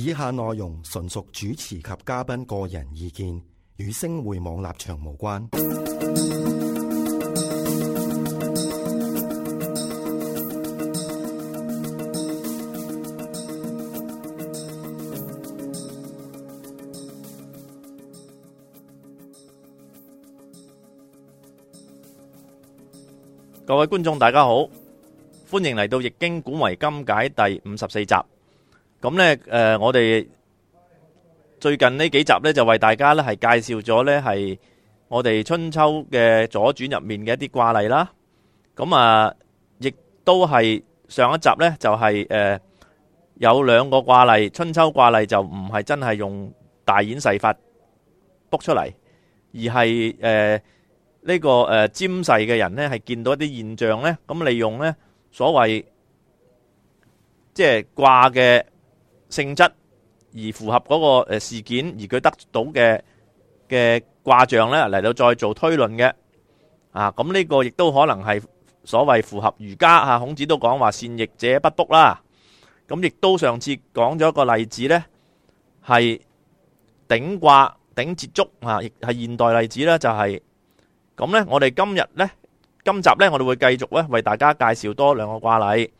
以下內容純屬主持及嘉賓個人意見，與星匯網立場無關。各位觀眾，大家好，歡迎嚟到《易經古謎今解》第五十四集。咁咧，誒，我哋最近呢幾集咧，就為大家咧係介紹咗咧係我哋春秋嘅左傳入面嘅一啲卦例啦。咁啊，亦都係上一集咧，就係誒有兩個卦例，春秋卦例就唔係真係用大衍筮法卜出嚟，而係誒呢個誒占筮嘅人咧係見到一啲現象咧，咁利用咧所謂即係卦嘅。性質，而符合嗰個事件，而佢得到嘅，嘅，卦象呢，嚟到再做推論嘅。咁，呢個亦都可能係所謂符合儒家，孔子都講話，善役者不補，善易者不卜啦。咁，亦都上次講咗一個例子呢，係頂卦，頂接觸，亦係現代例子呢，就係。咁呢，我哋今日呢，今集呢，我哋會繼續呢，為大家介紹多兩個卦例。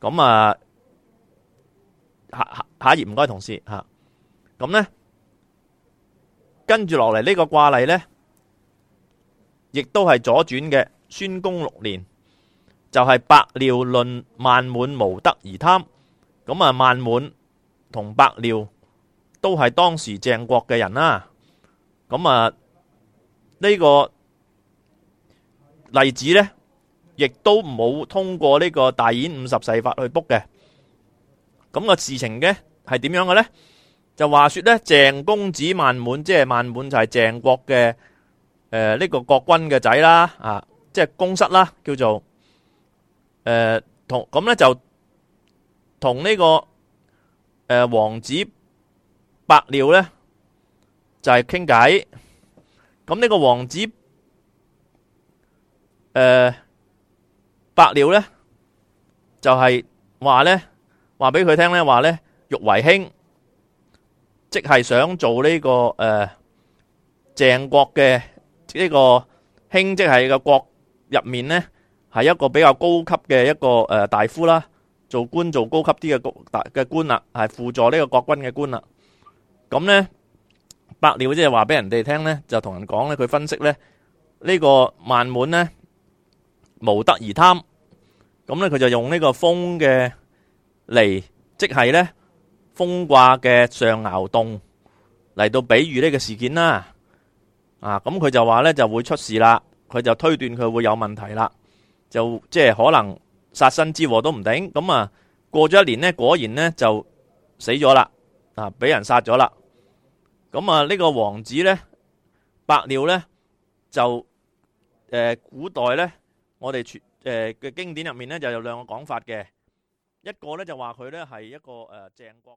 咁，啊，下下下一頁唔該，同事吓，咁、啊、呢，跟住落嚟呢個卦例呢，亦都係左傳嘅。宣公六年就係伯廖論曼滿無德而貪，咁啊曼滿同伯廖都係當時鄭國嘅人啦、啊。咁啊呢、這個例子呢，亦都冇通過呢個大衍五十四法去卜嘅。咁個事情嘅係點樣嘅咧？就話說咧，鄭公子曼滿，即係曼滿就係鄭國嘅誒呢個國君嘅仔啦，啊，即係公室啦，叫做誒同咁咧就同呢個誒王子伯廖咧就係傾偈。咁呢個王子誒伯廖咧就係話咧。話俾佢聽咧，話咧欲為卿，即係想做呢個誒鄭國嘅呢個卿，即係個國入面咧係一個比較高級嘅一個誒大夫啦，做官做高級啲嘅國大嘅官啦，係輔助呢個國君嘅官啦。咁咧伯廖即係話俾人哋聽咧，就同人講咧，佢分析咧呢個曼滿咧無德而貪，咁咧佢就用呢個風嘅。嚟即係呢風卦嘅上牛動，嚟到，比喻呢個事件啦。啊，咁佢就話呢就會出事啦。佢就推斷佢會有問題啦，就即係可能殺身之禍都唔定。咁啊，過咗一年呢，果然呢就死咗啦，啊，俾人殺咗啦。咁啊，呢、這個王子呢，伯廖呢，就誒、呃，古代呢，我哋誒嘅經典入面呢就有兩個講法嘅。一個咧就話佢咧係一個誒鄭國